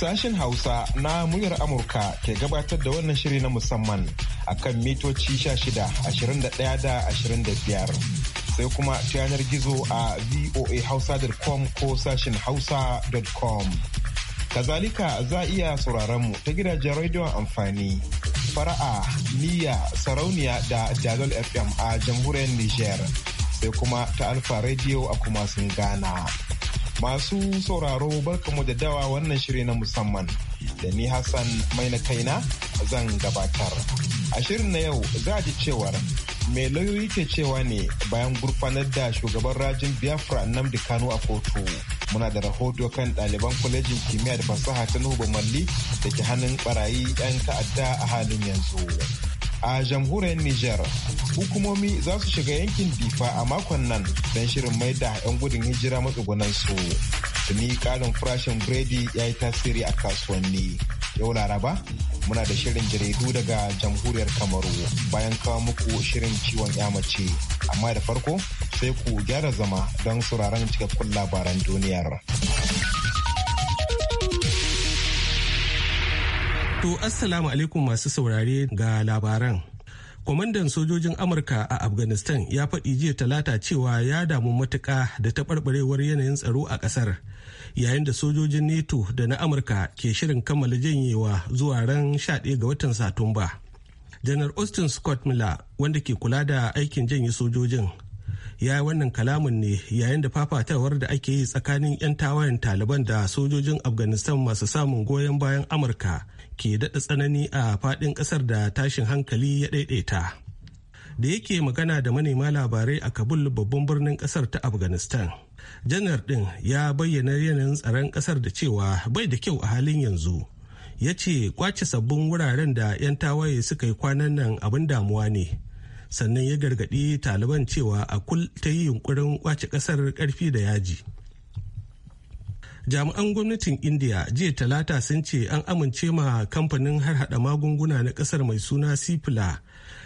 Sashen Hausa na muryar Amurka ke gabatar da wannan shiri na musamman a kan mitoci 16, 21 da 25. Sai kuma ta yanar gizo a voahausa.com ko sashen hausa.com. Kazalika za a iya sauraronmu ta gidajen rediyon amfani. Fara'a, Niyya, Sarauniya da Dalol FM a jamhuriyar Nijar. Sai kuma ta Alfa Radio a kuma sun Ghana. Masu sauraro barkamu da dawa wannan shiri na musamman da ni Hassan mai na kaina zan gabatar. A shirin na yau za a ji cewar mai lauyoyi ke cewa ne bayan gurfanar da shugaban rajin Biafra Nnamdi Kano a kotu. Muna da rahoto kan ɗaliban kwalejin kimiyya da fasaha ta Nuhu Malli da ke hannun barayi 'yan ta'adda a halin yanzu. a jamhuriyar Nijar. Hukumomi za su shiga yankin Difa a makon nan don shirin mai da 'yan gudun hijira matsugunan su. Tuni karin farashin biredi ya yi tasiri a kasuwanni. Yau Laraba, muna da shirin jaridu daga jamhuriyar Kamaru bayan kawo muku shirin ciwon mace. Amma da farko sai ku gyara zama don sauraron cikakkun labaran duniyar. To Assalamu alaikum masu saurare ga labaran. Kwamandan sojojin Amurka a Afghanistan ya faɗi jiya talata cewa ya damu matuƙa da taɓarɓarewar yanayin tsaro a ƙasar. Yayin da sojojin NATO da na Amurka ke shirin kammala janyewa zuwa ran 11 ga watan Satumba. Janar Austin Scott Miller wanda ke kula da aikin janye sojojin ya yi wannan kalamin ne yayin da fafatawar da ake yi tsakanin 'yan tawayen taliban da sojojin afghanistan masu samun goyon bayan amurka ke daɗa tsanani a faɗin ƙasar da tashin hankali ya ɗaiɗaita. Da yake magana da manema labarai a Kabul babban birnin ƙasar ta Afghanistan. Janar ɗin ya bayyana yanayin tsaron ƙasar da cewa bai da kyau a halin yanzu. Ya ce kwace sabbin wuraren da 'yan tawaye suka yi kwanan nan abin damuwa ne. Sannan ya gargaɗi Taliban cewa a kul ta yi yunkurin kwace ƙasar ƙarfi da yaji. jami'an gwamnatin india jiya talata sun ce an amince ma kamfanin harhaɗa magunguna na ƙasar mai suna sifila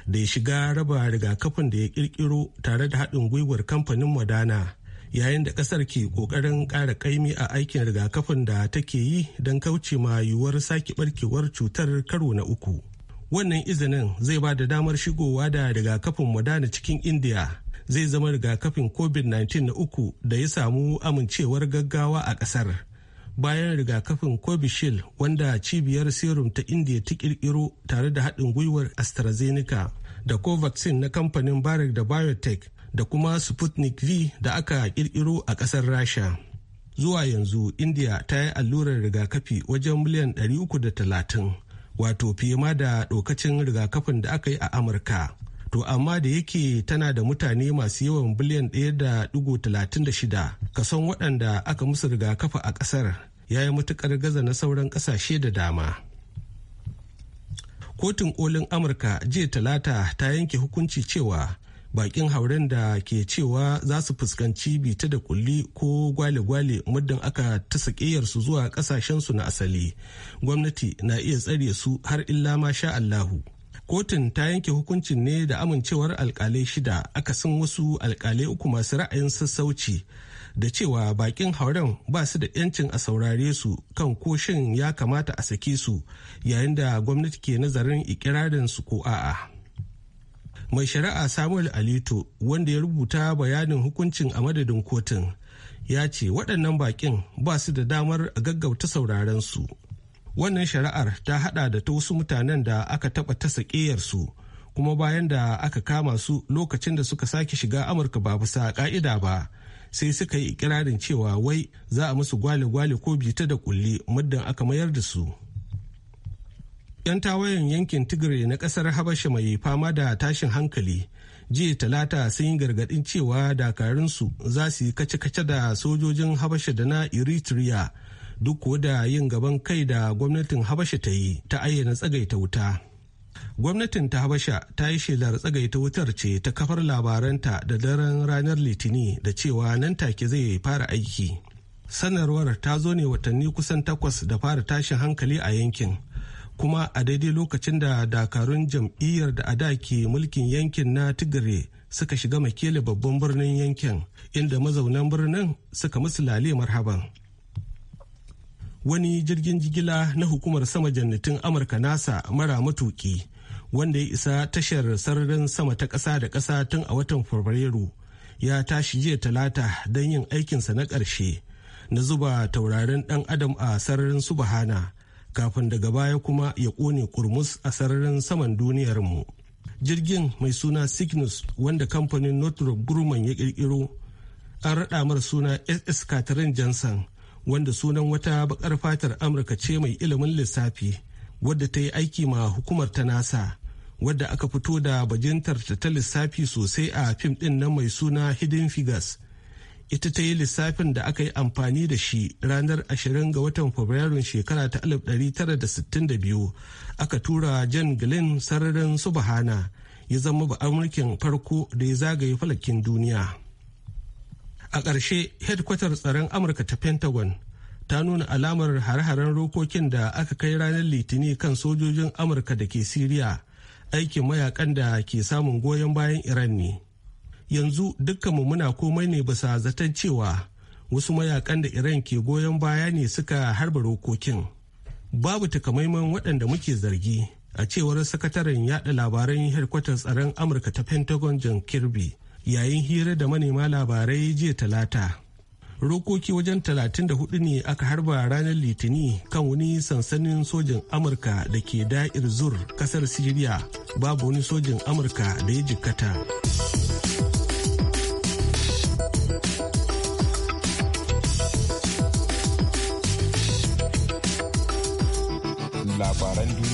da ya shiga raba rigakafin da ya kirkiro tare da haɗin gwiwar kamfanin madana yayin da ƙasar ke ƙoƙarin ƙara ƙaimi a aikin rigakafin da take yi don kauce ma yiwuwar sake ɓarkewar cutar karo na uku wannan izinin zai ba da damar shigowa da rigakafin madana cikin india zai zama rigakafin covid-19 na uku da ya samu amincewar gaggawa a kasar bayan rigakafin covishield wanda cibiyar serum ta india ta kirkiro tare da haɗin gwiwar astrazeneca da covaxin na kamfanin barik da biotech da kuma sputnik v da aka kirkiro a ƙasar rasha zuwa yanzu india ta yi allurar rigakafi wajen miliyan 330 wato fiye ma da ɗokacin rigakafin da aka yi a amurka To amma da yake tana da mutane masu yawan biliyan ɗaya da ɗigo talatin da shida kason waɗanda aka musu rigakafa a ƙasar ya yi matuƙar gaza na sauran ƙasashe da dama. Kotun kolin Amurka jiya talata ta yanke hukunci cewa bakin hauren da ke cewa za su fuskanci bita da kulli ko gwale-gwale muddin aka ta su zuwa ƙasashensu na asali gwamnati na iya tsare su har illa ma sha Allahu kotun ta yanke hukuncin ne da amincewar alkalai shida aka akasin wasu alkalai uku masu ra'ayin sassauci da cewa bakin hauren ba su da 'yancin a saurare su kan ko shin ya kamata a sake su yayin da gwamnati ke nazarin ikirarin su ko a'a. mai shari'a samuel alito wanda ya rubuta bayanin hukuncin a madadin kotun ya ce waɗannan bakin ba su da damar a gaggauta sauraren su wannan shari'ar ta hada da ta wasu mutanen da aka taba ta su kuma bayan da aka kama su lokacin da suka sake shiga amurka ba bisa ka'ida ba sai suka yi ikirarin cewa wai za a musu gwale-gwale ko bita da kulli muddin aka mayar da su yan tawayen yankin tigray na kasar habasha mai fama da tashin hankali jiya talata sun yi gargadin cewa dakarunsu za su yi kace-kace da sojojin habasha da na eritrea duk kuwa da yin gaban kai da gwamnatin habasha ta yi ta ayyana tsagaita wuta gwamnatin ta habasha ta yi shelar tsagaita wutar ce ta kafar labaranta da daren ranar litini da cewa nan take zai fara aiki sanarwar ta zo ne watanni kusan takwas da fara tashin hankali a yankin kuma a daidai lokacin da dakarun jam'iyyar da ada ke mulkin yankin na tigire suka shiga makele babban birnin yankin inda mazaunan birnin suka musu lale marhaban wani jirgin jigila na hukumar sama jannatin amurka nasa mara matuki wanda ya isa tashar sararin sama ta ƙasa da ƙasa tun a watan fabrairu ya tashi jiya talata don yin aikinsa na ƙarshe na zuba taurarin ɗan adam a sararin subahana kafin daga baya kuma ya ƙone kurmus a sararin saman duniyar mu. jirgin mai suna cygnus wanda kamfanin northrop grumman ya ƙirƙiro an raɗa mar suna ss catherine johnson wanda sunan wata bakar fatar amurka ce mai ilimin lissafi wadda ta yi aiki ma hukumar ta nasa wadda aka fito da bajintar ta ta lissafi sosai a fim din na mai suna hidden figures ita ta yi lissafin da aka yi amfani da shi ranar 20 ga watan fabrairun shekara ta 1962 aka tura jan glenn sararin subhana ya zama ba amurkin farko da ya zagaye falakin duniya a ƙarshe hedkwatar tsaron amurka ta pentagon ta nuna alamar hare-haren rokokin da aka kai ranar Litinin kan sojojin amurka da ke siriya aikin mayakan da ke samun goyon bayan iran ne yanzu dukkanmu muna komai ne bisa zaton cewa wasu mayakan da iran ke goyon baya ne suka harba rokokin babu takamaiman waɗanda muke zargi a cewar sakataren yaɗa labaran hedkwatar tsaron amurka ta pentagon john kirby yayin hira da manema labarai jiya talata rokoki wajen talatin da 34 ne aka harba ranar litini kan wani sansanin sojin amurka da ke da'ir zur kasar siriya babu wani sojin amurka da ya jikkata.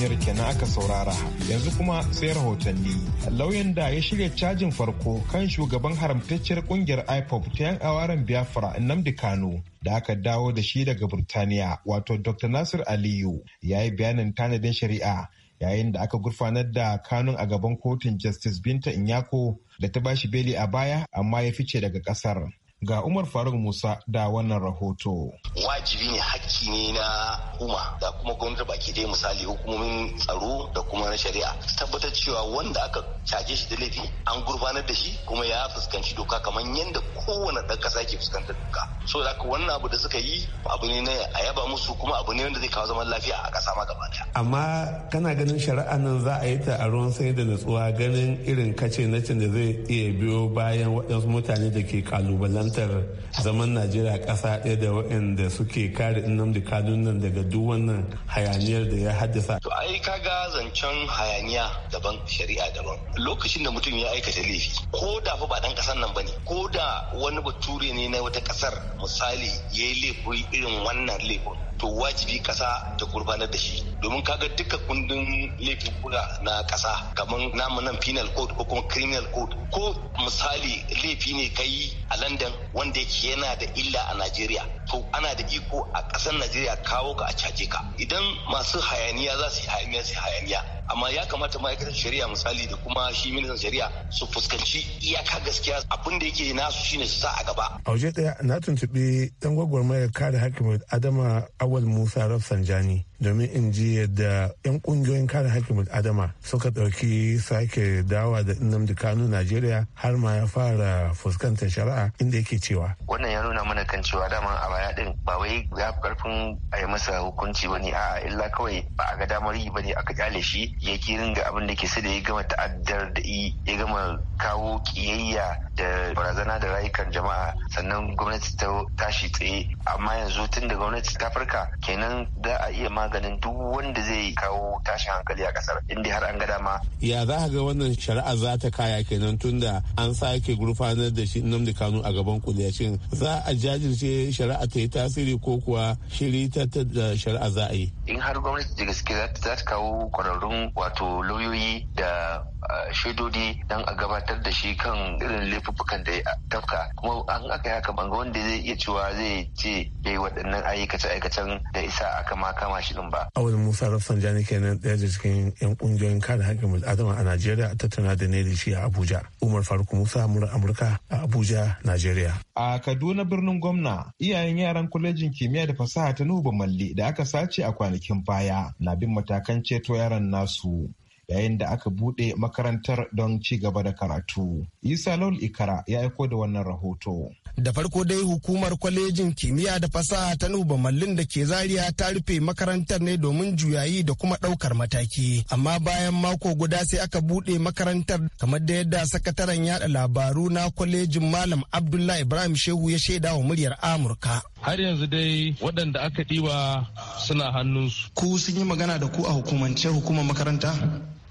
aminiyar kenan aka saurara yanzu kuma sai rahotanni lauyan da ya shirya cajin farko kan shugaban haramtacciyar kungiyar ipop ta yan awaren biafra nnamdi kano da aka dawo da shi daga burtaniya wato dr nasir aliyu ya yi bayanin tanadin shari'a yayin da aka gurfanar da kanun a gaban kotun justice binta inyako da ta bashi beli a baya amma ya fice daga kasar ga Umar Faruk Musa da wannan rahoto. Wajibi ne hakki ne na kuma da kuma gwamnati baki dai misali hukumomin tsaro da kuma na shari'a tabbatar cewa wanda aka caje shi da laifi an gurbanar da shi kuma ya fuskanci doka kamar yadda kowane ɗan ƙasa ke fuskantar doka. So da wannan abu da suka yi abu ne na a yaba musu kuma abu ne wanda zai kawo zaman lafiya a ƙasa ma gaba ɗaya. Amma kana ganin shari'a nan za a yi ta a ruwan sai da natsuwa ganin irin kace na da zai iya biyo bayan waɗansu mutane da ke kalubalen kalubalantar zaman najeriya ƙasa ɗaya da waɗanda suke kare nnamdi kanun nan daga duk wannan hayaniyar da ya haddasa to ai ga zancen hayaniya daban shari'a daban lokacin da mutum ya aikata laifi ko da fa ba dan ƙasar nan bane ko da wani bature ne na wata ƙasar misali ya yi laifi irin wannan laifin to wajibi kasa ta gurbanar da shi domin kaga duka kundin laifin kula na kasa kamar namu nan penal code ko kuma criminal code ko misali laifi ne kai a london wanda yake yana da illa a Najeriya to ana da iko a ƙasar najeriya kawo ka a caje ka idan masu hayaniya za su yi hayaniya su hayaniya amma ya kamata ma'aikatar shari'a misali da kuma shi ministan shari'a su fuskanci iyaka gaskiya abin da yake nasu shine su sa a gaba. a waje ɗaya na tuntuɓi ɗan gwagwarmayar kare hakimin adama awal musa rafsanjani domin in ji yadda 'yan ƙungiyoyin kare hakimin adama suka ɗauki sake dawa da nnamdi kanu najeriya har ma ya fara fuskantar shari'a inda yake cewa wannan ya nuna mana kan cewa dama a baya din ba wai ya karfin a yi masa hukunci ne a'a illa kawai ba a ga damar yi ba ne aka kyale shi ya ringa abin da ke sai da ya gama ta'addar da ya gama kawo kiyayya da barazana da rayukan jama'a sannan gwamnati ta tashi tsaye amma yanzu tun da gwamnati ta farka kenan za a iya maganin duk wanda zai kawo tashin hankali a kasar inda har an ga dama ya za ga wannan shari'a za ta kaya kenan tunda an sake gurfanar da shi Nnamdi Kanu a gaban kuliya za a jajirce shari'a A ta yi tasiri ko kuwa shiri ta da shari'a za a yi in har gwamnati da gaske za ta kawo kwararrun wato lauyoyi da shaidodi don a gabatar da shi kan irin laifukan da ya tafka kuma an aka yi haka banga wanda zai iya cewa zai ce bai waɗannan aikace aikacen da isa aka kama kama shi din ba. A wani Musa Jani kenan ɗaya da cikin 'yan ƙungiyoyin kare haƙƙin adama a Najeriya a tattauna da ne shi a Abuja. Umar Faruk Musa Amurka a Abuja, Najeriya. A Kaduna birnin gwamna iyayen bayan yaran kwalejin kimiyya da fasaha ta Nuhu Malli da aka sace a kwanakin baya na bin matakan ceto yaran nasu. yayin da aka bude makarantar don ci gaba da karatu. Isa Laul Ikara ya aiko da wannan rahoto. Da farko dai hukumar kwalejin kimiyya da fasaha ta Nuba Mallin da ke zariya ta rufe makarantar ne domin juyayi da kuma ɗaukar mataki. Amma bayan mako guda sai aka bude makarantar kamar da yadda sakataren yada labaru na kwalejin Malam abdullah Ibrahim Shehu ya shaida wa muryar Amurka. Har yanzu dai waɗanda aka ɗiba suna hannunsu. Ku sun yi magana da ku a hukumance hukumar makaranta?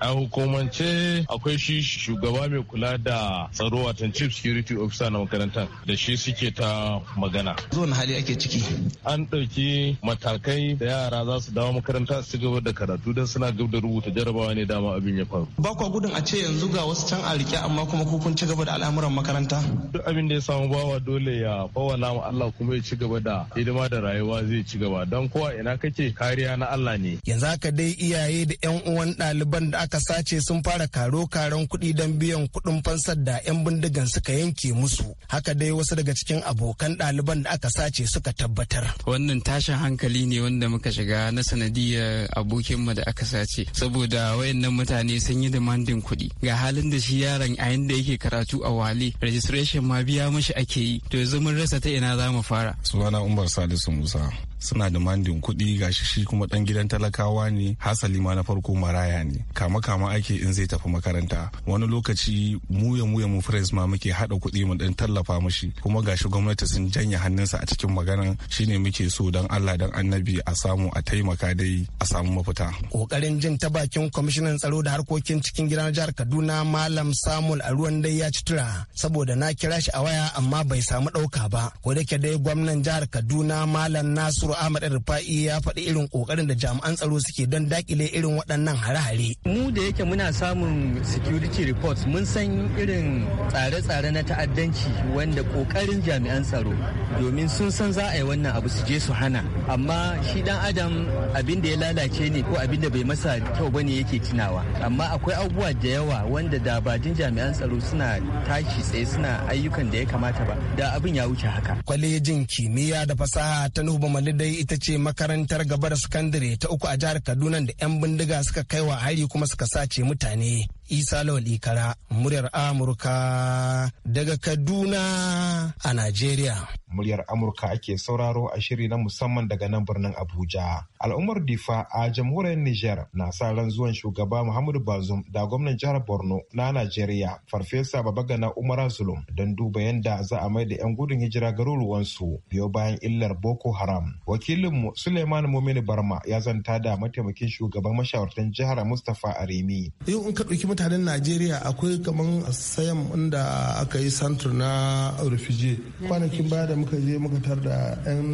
a hukumance akwai shi shugaba mai kula da tsaro watan chief security officer na makarantar da shi suke ta magana zuwan hali ake ciki an ɗauki matakai da yara za su dawo makaranta su gaba da karatu don suna gaba da rubuta jarabawa ne dama abin ya faru ba kwa gudun a ce yanzu ga wasu can a rike amma kuma ku kun ci gaba da al'amuran makaranta duk abin da ya samu bawa dole ya bawa ma Allah kuma ya ci gaba da hidima da rayuwa zai ci gaba don kowa ina kake kariya na Allah ne yanzu haka dai iyaye da yan uwan ɗaliban da kasa ce sun fara karo-karon kuɗi don biyan kuɗin fansar da 'yan bindigan suka yanke musu. Haka dai wasu daga cikin abokan ɗaliban da aka sace suka tabbatar. Wannan tashin hankali ne wanda muka shiga na sanadiyar abokinmu da aka sace saboda wayannan mutane sun yi demandin kuɗi ga halin da shi yaron a yanda yake karatu a wale registration ma biya mashi ake yi to yanzu mun rasa ta ina za mu fara sunana umar salisu musa suna da mandin kuɗi gashi shi kuma ɗan gidan talakawa ne hasali ma na farko maraya ne kama kama ake in zai tafi makaranta wani lokaci muya muya mu firis ma muke haɗa kuɗi mu ɗan tallafa mushi kuma gashi gwamnati sun janye hannunsa a cikin maganan shine muke so dan Allah dan annabi a samu a taimaka dai a samu mafita. Kokarin jin ta bakin kwamishinan tsaro da harkokin cikin gidan jihar Kaduna Malam Samuel Aruwan dai ya ci tura saboda na kira shi a waya amma bai samu ɗauka ba. Ko da dai gwamnan jihar Kaduna Malam Nasiru Nasiru Ahmad Rufa'i ya faɗi irin kokarin da jami'an tsaro suke don dakile irin waɗannan hare-hare. Mu da yake muna samun security reports mun san irin tsare-tsare na ta'addanci wanda kokarin jami'an tsaro domin sun san za a yi wannan abu su je su hana amma shi dan adam abin da ya lalace ne ko abin da bai masa kyau ne yake tunawa amma akwai abubuwa da yawa wanda da jami'an tsaro suna tashi tsaye suna ayyukan da ya kamata ba da abin ya wuce haka. Kwalejin kimiyya da fasaha ta Nuhu dai ita ce makarantar gabar sakandare ta uku a jihar kaduna da 'yan bindiga suka kai wa hari kuma suka sace mutane Isa Lawali Kara muryar Amurka daga Kaduna a Najeriya. Muryar Amurka ake sauraro a shiri na musamman daga nan birnin Abuja. Al'ummar Difa a jamhuriyar Nijar na sa ran zuwan shugaba Muhammadu Bazum da gwamnan jihar Borno na Najeriya, Farfesa Babagana Umar Zulum don duba yadda za a mai da 'yan gudun hijira garuruwansu biyo bayan illar Boko Haram. Wakilinmu Suleiman Mumini Barma ya zanta da mataimakin shugaban mashawartan jihar Mustapha Arimi. Yau in ka ɗauki mutanen najeriya akwai kaman sayan inda aka yi santur na rufije kwanakin baya da muka je muka tar da 'yan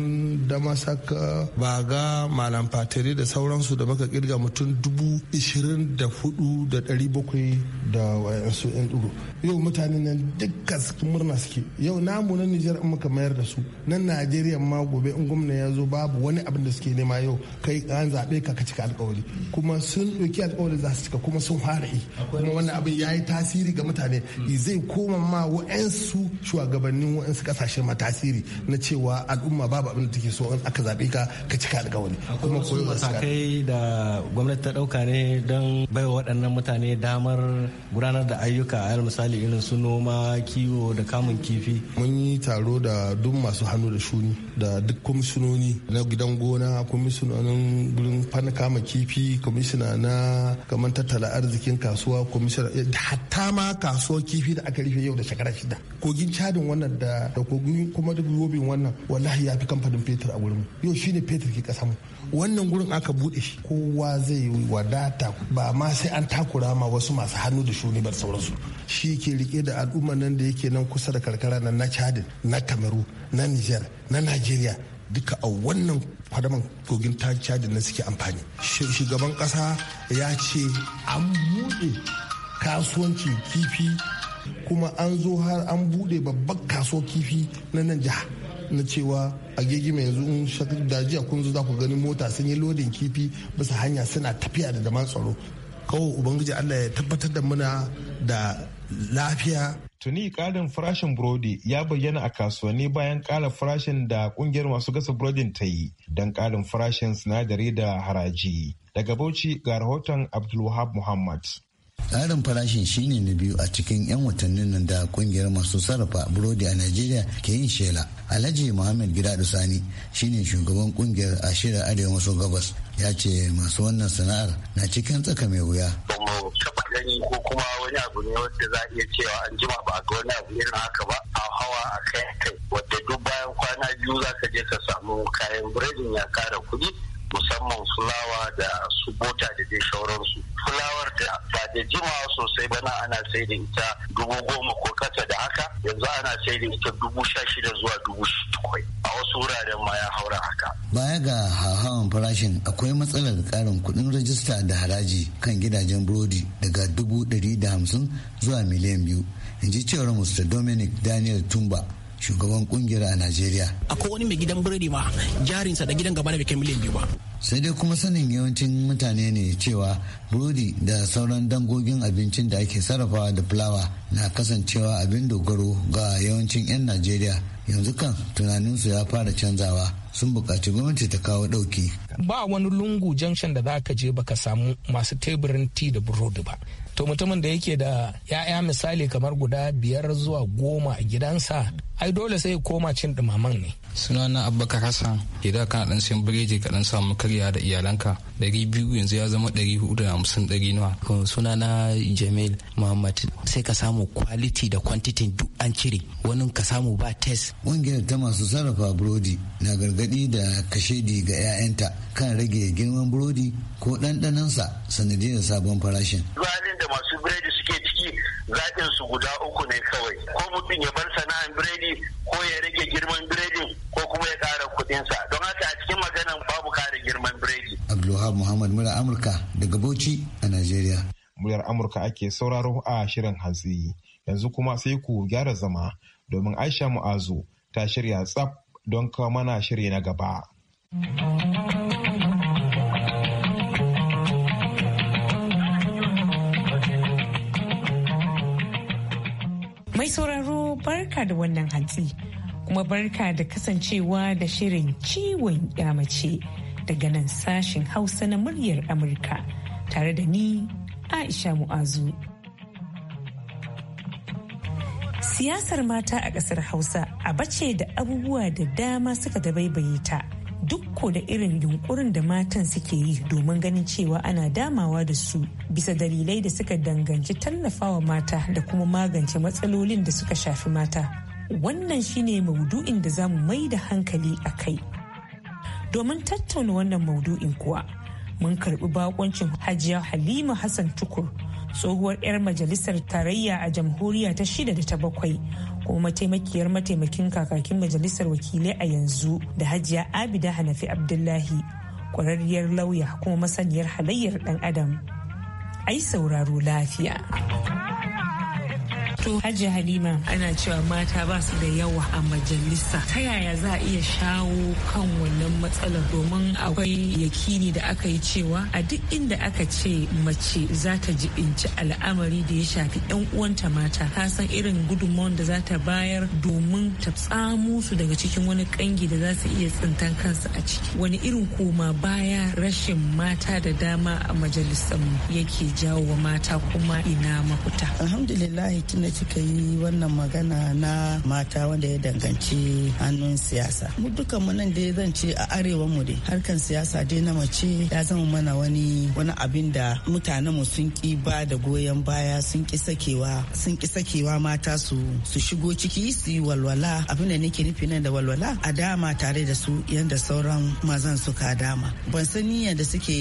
ba baga malam fatari da sauransu da muka kirga mutum dubu ishirin da hudu da dari bakwai da wayansu 'yan duro yau mutanen nan dukkan suke murna suke yau namu na nijar in muka mayar da su nan najeriya ma gobe in gwamna ya zo babu wani abin da suke nema yau kai an zaɓe ka ka cika alkawari kuma sun ɗauki alkawari za su cika kuma sun fara yi kuma eh. wannan abin ya yi tasiri ga mutane mm. eh, zai koma ma wa'ansu shugabannin wa'ansu kasashen ma tasiri na cewa al'umma babu abin da take so in aka zaɓe ka ka cika alƙawari kuma koyo matakai da gwamnati ta ɗauka ne don baiwa waɗannan mutane damar gudanar da ayyuka a misali irin su noma kiwo da kamun kifi mun yi taro da duk masu hannu da shuni da duk kwamishinoni na gidan gona kwamishinonin gurin fana kama kifi kwamishina na kamar tattala arzikin kasuwa kwamishinar hatta ma kasuwar kifi da aka rufe yau da shekara shida kogin cadin wannan da kogin kuma da yobin wannan wallahi ya fi kamfanin fetur a wurin yau shine fetur ke kasa mu wannan gurin aka bude shi kowa zai yi wadata ba ma sai an takura ma wasu masu hannu da shuni bar sauransu shi ke rike da al'umma nan da yake nan kusa da karkara na cadin na kamaru na niger na Najeriya. duka a wannan fadaman kogin da na suke amfani shugaban kasa ya ce an buɗe kasuwancin kifi kuma an zo har an buɗe babban kasuwar kifi na nan jiha na cewa a gegi mai yanzu shakar dajiya kun zo za ku gani mota sun yi lodin kifi bisa hanya suna tafiya da daman tsaro kawai ubangiji allah ya tabbatar da muna da lafiya tuni karin farashin burodi ya bayyana a kasuwanni bayan kara farashin da ƙungiyar masu gasa burodin ta yi don ƙarin farashin sinadari da haraji daga bauchi ga rahoton abdulwahab muhammad tsarin farashin shine na biyu a cikin 'yan watannin nan da kungiyar masu sarrafa burodi a najeriya ke yin shela alhaji muhammad gida sani shine shugaban kungiyar shirya arewa maso gabas ya ce masu wannan sana'ar na cikin tsaka mai wuya mu taba gani ko kuma wani abu ne wanda za a iya cewa an jima ba ga wani abu irin haka ba a hawa a kai kai wadda duk bayan kwana biyu za ka je ka samu kayan biredin ya kara kuɗi musamman fulawa da su bota da dai sauransu fulawar da ba da jimawa sosai ba na ana sai da ita dubu goma ko kasa da haka yanzu ana sai da ita dubu sha shida zuwa dubu bakwai a wasu wuraren ma ya haura haka. Baya ga hauhawar farashin akwai matsalar karin kuɗin rajista da haraji kan gidajen burodi daga dubu ɗari da hamsin zuwa miliyan biyu. In ji cewar Mr. Dominic Daniel Tumba shugaban kungiyar a Najeriya. Akwai wani mai gidan biredi ma jarinsa da gidan gaba da bai kai miliyan biyu ba. Sai dai kuma sanin yawancin mutane ne cewa burodi da sauran dangogin abincin da ake sarrafawa da fulawa na kasancewa abin dogaro ga yawancin 'yan Najeriya. yanzu kan tunaninsu ya fara canzawa sun buƙaci gwamnati ta kawo ɗauki. ba wani lungu junction da za ka je ka samu masu teburin ti da burodi ba to mutumin da yake da ya'ya misali kamar guda biyar zuwa goma a gidansa ai dole sai koma cin dumaman ne sunana abubakar hassan idan kana dan sayan bireji ka dan samu karya da iyalanka ɗari biyu yanzu ya zama ɗari hudu da hamsin ɗari nawa sunana jamil muhammad sai ka samu kwaliti da quantity duk an cire wani ka samu ba test ƙungiyar ta masu sarrafa burodi na gargadi da kashedi ga 'ya'yanta kan rage girman burodi ko ɗanɗanansa sanadiyar sabon farashin. Halin da masu biredi suke ciki zaɓin su guda uku ne kawai. Ko mutum ya bar sana'an biredi ko ya rage girman biredi ko kuma ya ƙara kuɗinsa. Don haka a cikin maganan babu ƙara girman biredi. Abdulwahab Muhammad Mura Amurka daga Bauchi a Najeriya. Muryar Amurka ake sauraro a shirin hatsi yanzu kuma sai ku gyara zama domin aisha mu'azu ta shirya tsaf don kawo mana shiri na gaba. Mai sauraro barka da wannan hantsi kuma barka da kasancewa da shirin ciwon mace daga nan sashen hausa na muryar Amurka tare da ni Aisha Mu'azu. siyasar mata a ƙasar hausa a bace da abubuwa da dama suka dabaibaye ta duk ko da irin yunkurin da matan suke yi domin ganin cewa ana damawa da su bisa dalilai da suka danganci tallafawa mata da kuma magance matsalolin da suka shafi mata wannan shine maudu'in da zamu mai da hankali a kai domin tattauna wannan maudu'in kuwa mun karbi bakoncin hajiya halima hassan tukur tsohuwar 'yar majalisar tarayya a jamhuriya ta shida da ta bakwai kuma mataimakiyar mataimakin kakakin majalisar wakilai a yanzu da hajiya abida hanafi abdullahi kwararriyar lauya kuma masaniyar halayyar dan adam ai sauraro lafiya fito hajji halima ana cewa mata ba su da yawa a majalisa ta yaya za a iya shawo kan wannan matsalar domin akwai yakini da aka yi cewa a duk inda aka ce mace za ta jibinci al'amari da ya shafi yan uwanta mata ta san irin gudunmawar da za ta bayar domin ta tsamo su daga cikin wani kangi da za su iya tsintan kansu a ciki wani irin koma baya rashin mata da dama a majalisar mu yake jawo wa mata kuma ina mafuta alhamdulillah tunda suka yi wannan magana na mata wanda ya danganci hannun siyasa mu dukkan mu nan dai zan ce a arewa mu dai harkan siyasa dai na mace ya zama mana wani wani abin da mutanen mu sun ki ba da goyon baya sun ki sakewa sun ki sakewa mata su su shigo ciki su yi walwala abin da nake nufi nan da walwala a dama tare da su yanda sauran mazan suka dama ban san niyyar da suke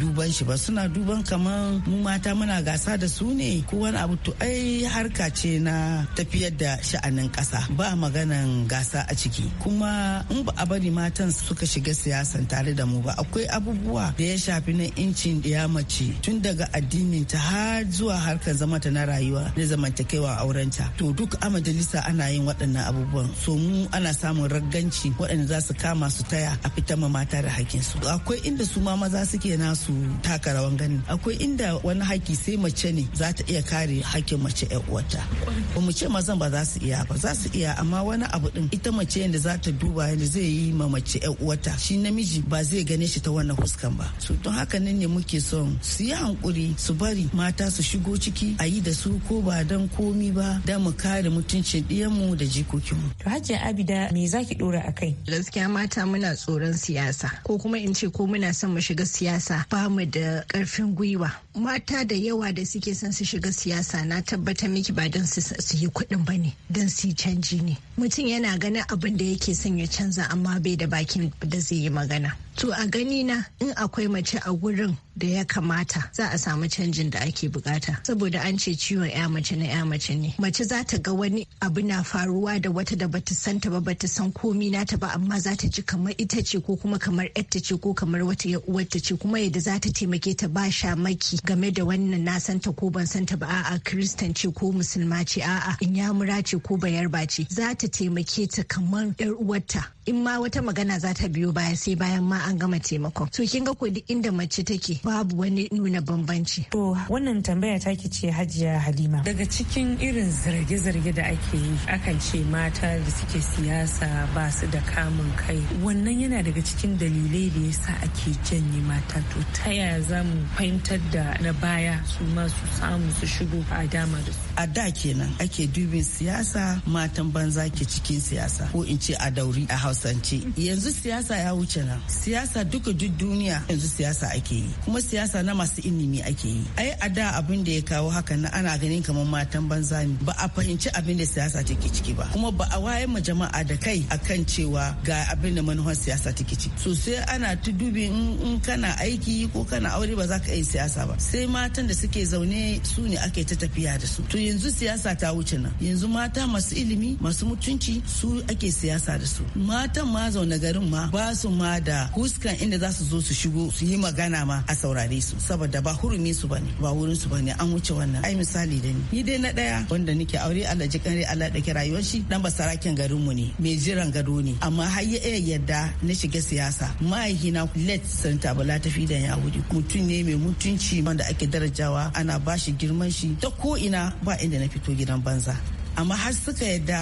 duban shi ba suna duban kamar mu mata muna gasa da su ne ko wani abu to ai harka ce na tafiyar da sha'anin kasa ba maganan gasa a ciki kuma in ba a bari matan suka shiga siyasan tare da mu ba akwai abubuwa da ya shafi na incin ya mace tun daga addinin ta har zuwa harkar zama ta na rayuwa da zamantakewa aurenta to duk a majalisa ana yin waɗannan abubuwan so mu ana samun ragganci waɗanda za su kama su taya a fitar ma mata da su. akwai inda su ma maza suke nasu taka rawan gani akwai inda wani haki sai mace ne za ta iya kare hakin mace yan uwa mata ba mu ce mazan ba za su iya ba za su iya amma wani abu din ita mace yadda za ta duba yadda zai yi ma mace yan uwata shi namiji ba zai gane shi ta wannan fuskan ba su don haka nan ne muke son su yi hankuri su bari mata su shigo ciki a yi da su ko ba dan komi ba da mu kare mutuncin ɗiyanmu da jikokinmu. to hajiya abida me za ki dora a kai. gaskiya mata muna tsoron siyasa ko kuma in ce ko muna son mu shiga siyasa ba mu da karfin gwiwa mata da yawa da suke son su shiga siyasa na tabbatar miki ba don su yi kuɗin ba ne don su yi canji ne mutum yana ganin abin da yake son ya canza amma bai da bakin da zai yi magana to a gani na in akwai mace a gurin da ya kamata za a samu canjin da ake bukata saboda an ce ciwon ya mace na ya mace ne mace za ta ga wani abu na faruwa da wata da bata san ta ba bata san komi na ta ba amma za ta ji kamar ita ce ko kuma kamar ta ce ko kamar wata ya uwarta ce kuma yadda za ta taimake ta ba sha maki game da wannan na santa ko ban santa ba a'a kristan ce ko musulma ce a'a in mura ce ko bayarba ce za ta taimake ta kamar yar uwarta in ma wata magana za ta biyo baya sai bayan ma an gama taimakon to kin ga ko duk inda mace take babu wani nuna bambanci. To wannan tambaya ki ce Hajiya Halima. Daga cikin irin zarge-zarge da ake yi akan ce mata da suke siyasa ba su da kamun kai wannan yana daga cikin dalilai da ya sa ake janye mata to ta yaya za fahimtar da na baya su ma su samu su shigo a dama da su. A da kenan ake dubin siyasa matan banza ke cikin siyasa ko in ce a dauri a hausance yanzu siyasa ya wuce nan siyasa duka duk duniya yanzu siyasa ake yi kuma siyasa na masu ilimi ake yi ai a da abin da ya kawo haka na ana ganin kamar matan banza ne ba a fahimci abin da siyasa take ciki ba kuma ba a wayar ma jama'a da kai akan cewa ga abin da manufar siyasa take ciki sosai ana tudubi in kana aiki ko kana aure ba za ka yi siyasa ba sai matan da suke zaune su ne ake ta tafiya da su to yanzu siyasa ta wuce nan yanzu mata masu ilimi masu mutunci su ake siyasa da su matan ma zaune garin ma ba su ma da huskan inda za su zo su shigo su yi magana ma a saurare su saboda ba hurumi su bane ba wurin su bane an wuce wannan ai misali da ni ni dai na daya wanda nake aure Allah ji kan Allah da ke rayuwar shi dan basarakin garin mu ne mai jiran gado ne amma har ya iya yadda na shiga siyasa mahaihina let santa bala tafi da ya wuri mutum ne mai mutunci wanda ake darajawa ana bashi girman shi ta ko ina ba inda na fito gidan banza amma har suka yadda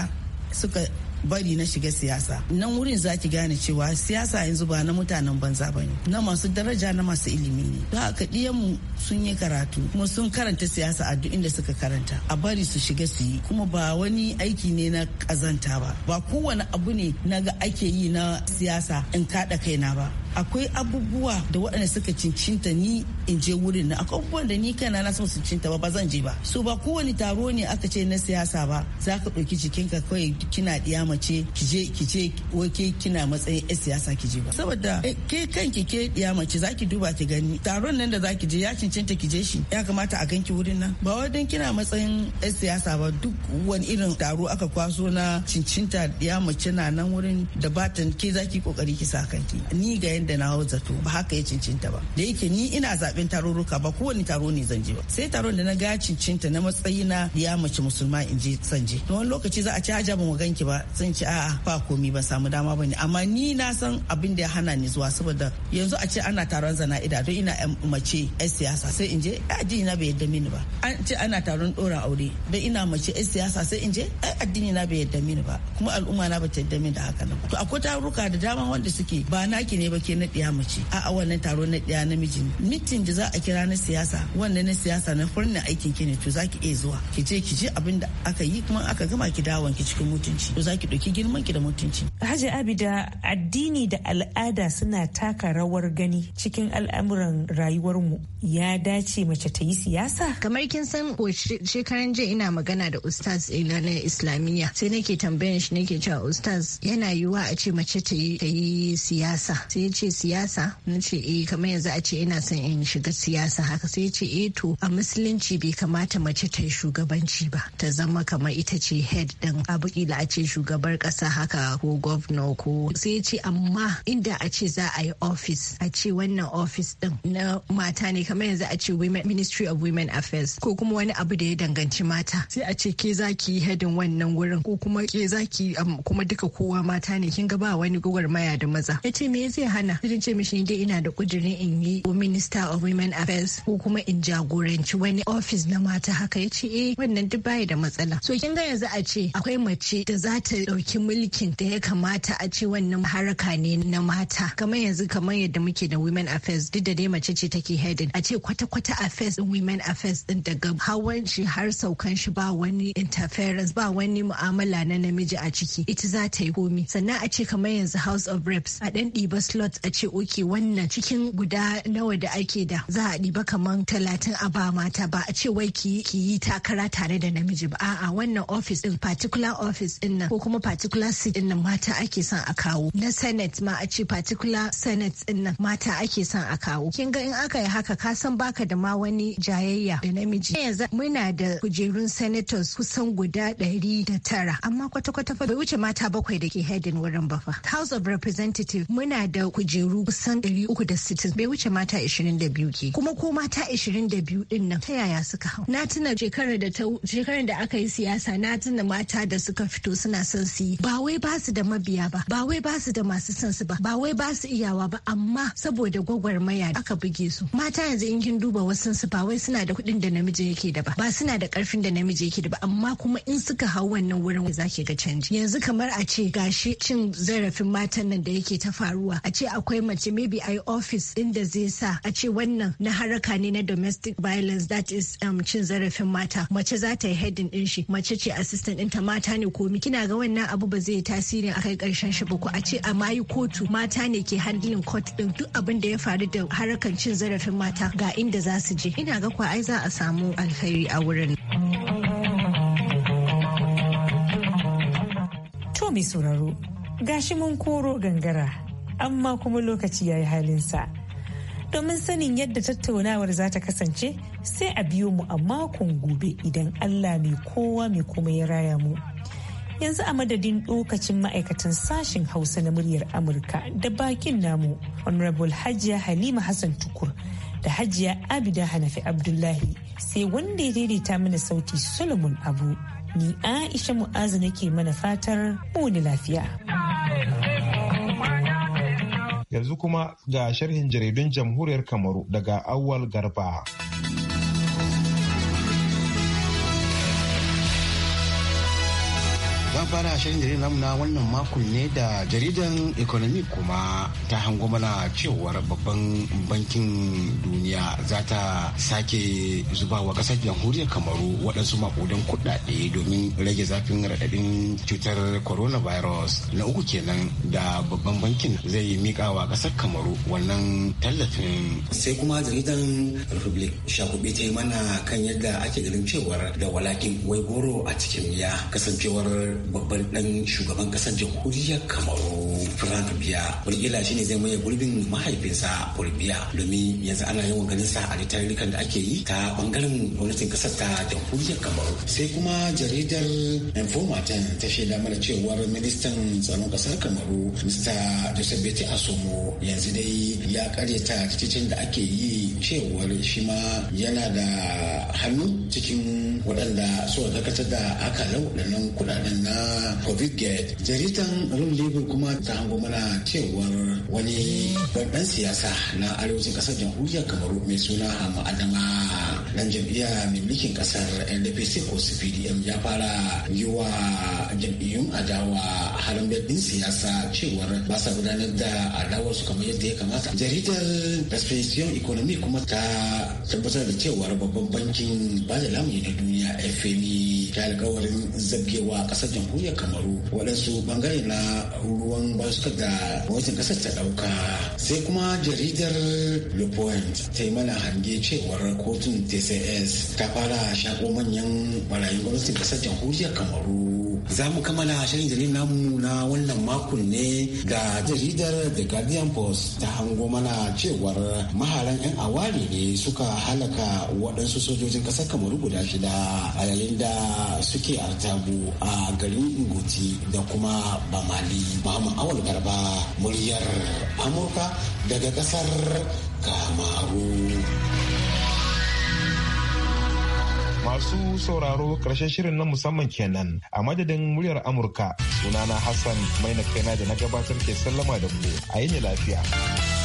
suka bari na shiga siyasa nan wurin za ki gane cewa siyasa yanzu ba na mutanen banza ba ne na masu daraja na masu ilimi ne to haka mu sun yi karatu kuma sun karanta siyasa a duk inda suka karanta a bari su shiga su yi kuma ba wani aiki ne na kazanta ba ba kowane abu ne na ga ake yi na siyasa in kaɗa kaina ba akwai abubuwa da waɗanda suka cincinta ni in je wurin na abubuwan da ni kana na so su cinta ba ba zan je ba su ba kowane taro ne aka ce na siyasa ba za ka ɗauki jikinka kawai kina ɗiya mace ki je ki ce wake kina matsayin yan siyasa ki je ba saboda eh, ke kanki ke ɗiya mace za ki duba ki gani taron nan da za ki je ya cancanta ki je shi ya kamata a ganki wurin nan ba wai kina matsayin yan siyasa ba duk wani irin taro aka kwaso na cincinta ɗiya mace na nan wurin da batan ke za ki kokari ki sa kanki ni ga yadda na zato ba haka ya cincinta ba da yake ni ina zaɓe zafin tarurruka ba kowane taro ne zan je ba sai taron da na ga cincinta na matsayi na ya mace musulma in je san je wani lokaci za a ci haja ba mu ganki ba sun ci a'a ba komi ba samu dama bane amma ni na san abin da ya hana ni zuwa saboda yanzu a ce ana taron zana'ida don ina mace yan siyasa sai in je addini na bai yadda mini ba an ce ana taron dora aure don ina mace yan siyasa sai in je addini na bai yadda mini ba kuma al'umma na bata yadda mini da haka nan to akwai taruka da dama wanda suke ba naki ne ba ke na ɗiya mace a'a wannan taro na ɗiya namiji mitin ji za a kira na siyasa wannan na siyasa na furna aikin ki ne to zaki iya zuwa ki je ki ji abin da aka yi kuma aka gama ki dawon ki cikin mutunci to zaki ki girman ki da mutunci. haji Abida addini da al'ada suna taka rawar gani cikin al'amuran rayuwarmu ya dace mace ta yi siyasa. Kamar kin san shekaran jiya ina magana da ustaz ina na islamiyya sai nake tambayar shi nake cewa ustaz yana yiwa a ce mace ta yi siyasa sai ya ce siyasa na ce eh kamar yanzu a ce ina son in shiga siyasa haka sai ce eh to a musulunci bai kamata mace ta yi shugabanci ba ta zama kamar ita ce head din abu kila a ce shugabar kasa haka ko governor ko sai ce amma inda a ce za a yi office a ce wannan office din na mata ne kamar yanzu a ce ministry of women affairs ko kuma wani abu da ya danganci mata sai a ce ke za ki yi headin wannan wurin ko kuma ke za ki um, kuma duka kowa mata ne kin ga ba wani gwagwarmaya da maza ya ce me zai hana sai ce mishi dai ina da kudirin in yi minister of women affairs ko kuma in jagoranci wani office na mata haka ya ce eh wannan duk baya da matsala so kin ga yanzu a ce akwai mace da za ta dauki mulkin da ya kamata a ce wannan haraka ne na mata kamar yanzu kamar yadda muke da women affairs duk da dai mace ce take headed a ce kwata-kwata affairs din women affairs din daga hawan shi har saukan shi ba wani interference ba wani mu'amala na namiji a ciki ita za ta yi komi sannan a ce kamar yanzu house of reps a dan ɗiba slot a ce oke wannan cikin guda nawa da ake gida za a ɗiba kamar talatin a ba mata ba a ce wai ki yi takara tare da namiji ba a'a wannan office din particular office din nan ko kuma particular seat din nan mata ake son a kawo na senate ma a ce particular senate din nan mata ake son a kawo kin ga in aka yi haka ka san baka da ma wani jayayya da namiji yanzu muna da kujerun senators kusan guda ɗari da tara amma kwata-kwata fa bai wuce mata bakwai da ke hedin wurin ba fa house of representative muna da kujeru kusan ɗari uku da sittin bai wuce mata ashirin da biyu biyu ke kuma ko mata ishirin da biyu din nan ta yaya suka hau na tuna shekarar da aka yi siyasa na tuna mata da suka fito suna son su yi ba wai ba su da mabiya ba ba wai ba su da masu son su ba ba wai ba su iyawa ba amma saboda gwagwarmaya aka buge su mata yanzu in kin duba wasu su ba wai suna da kuɗin da namiji yake da ba ba suna da karfin da namiji yake da ba amma kuma in suka hau wannan wurin zaki ga canji yanzu kamar a ce gashi cin zarafin matan nan da yake ta faruwa a ce akwai mace maybe ai office inda zai sa a ce wani wannan na haraka ne na domestic violence that is um, cin zarafin mata mace za ta yi heading din shi mace ce assistant din mata ne komi kina ga wannan abu ba zai tasiri akai karshen shi ba ko a ce a mayi kotu mata ne ke handling court ɗin duk abin da ya faru da harakan cin zarafin mata ga inda za su je ina ga kwa ai za a samu alkhairi a wurin. To mai sauraro gashi mun koro gangara amma kuma lokaci ya yi sa. domin sanin yadda tattaunawar za ta kasance sai a biyo mu a makon gobe idan Allah mai kowa mai kuma ya raya mu. Yanzu a madadin lokacin ma'aikatan sashen Hausa na muryar Amurka da bakin namu Honorable Hajiya Halima Hassan Tukur da Hajiya Abida Hanafi Abdullahi sai wanda ya daidaita mana sauti Solomon Abu. Ni Aisha Mu'azu nake mana fatar mu lafiya. Yanzu kuma ga sharhin jaridun jamhuriyar Kamaru daga Awal Garba. fara shirin jaridar namu na wannan makon ne da jaridan economy kuma ta hango mana cewar babban bankin duniya za ta sake zuba wa kasar jamhuriyar kamaru waɗansu makudan kuɗaɗe domin rage zafin raɗaɗin cutar coronavirus na uku kenan da babban bankin zai yi miƙa wa kasar kamaru wannan tallafin sai kuma jaridan republic shakubi ta yi mana kan yadda ake ganin cewar da walakin wai goro a cikin ya kasancewar babban dan shugaban kasar jamhuriyar kamaru frank biya wani shi ne zai maye gurbin mahaifinsa paul biya domin yanzu ana yawan ganin sa a litarurrukan da ake yi ta bangaren gwamnatin kasar ta jamhuriyar kamaru sai kuma jaridar informatin ta shaida mana cewar ministan tsaron kasar kamaru mr joseph beti asomo yanzu dai ya karyata rikicin da ake yi cewar shi ma yana da hannu cikin waɗanda suka dakatar da akalau da nan kudaden na covid gate jaridan rum labour kuma ta hango mana cewar wani babban siyasa na arewacin kasar jamhuriyar kamaru mai suna hama adama dan jam'iyya mai mulkin kasar ndpc ko cpdm ya fara yi wa jam'iyyun adawa halin din siyasa cewar ba sa gudanar da adawar su kamar yadda ya kamata jaridar expression economy kuma ta tabbatar da cewar babban bankin ba da lamuni na duniya fmi e, ta alkawarin zabgewa ƙasar jamhuriyar kamaru waɗansu bangare na ruwan basuka da gwamnatin kasar ta ɗauka sai kuma jaridar le point ta yi mana hange cewar kotun ta SAS ta fara shaƙo manyan barayin gwamnatin ƙasar jamhuriyar kamaru za mu kammala shirin jaridar namu na wannan makon ne da jaridar the guardian post ta hango mana cewar maharan 'yan awari ne suka halaka waɗansu sojojin ƙasar kamaru guda shida a yayin da suke artabu a garin ingoti da kuma bamali mu awal garba muryar amurka daga ƙasar kamaru Masu sauraro ƙarshen shirin na musamman kenan a madadin muryar Amurka sunana Hassan mai na kaina da na gabatar ke sallama da mu. a yi lafiya.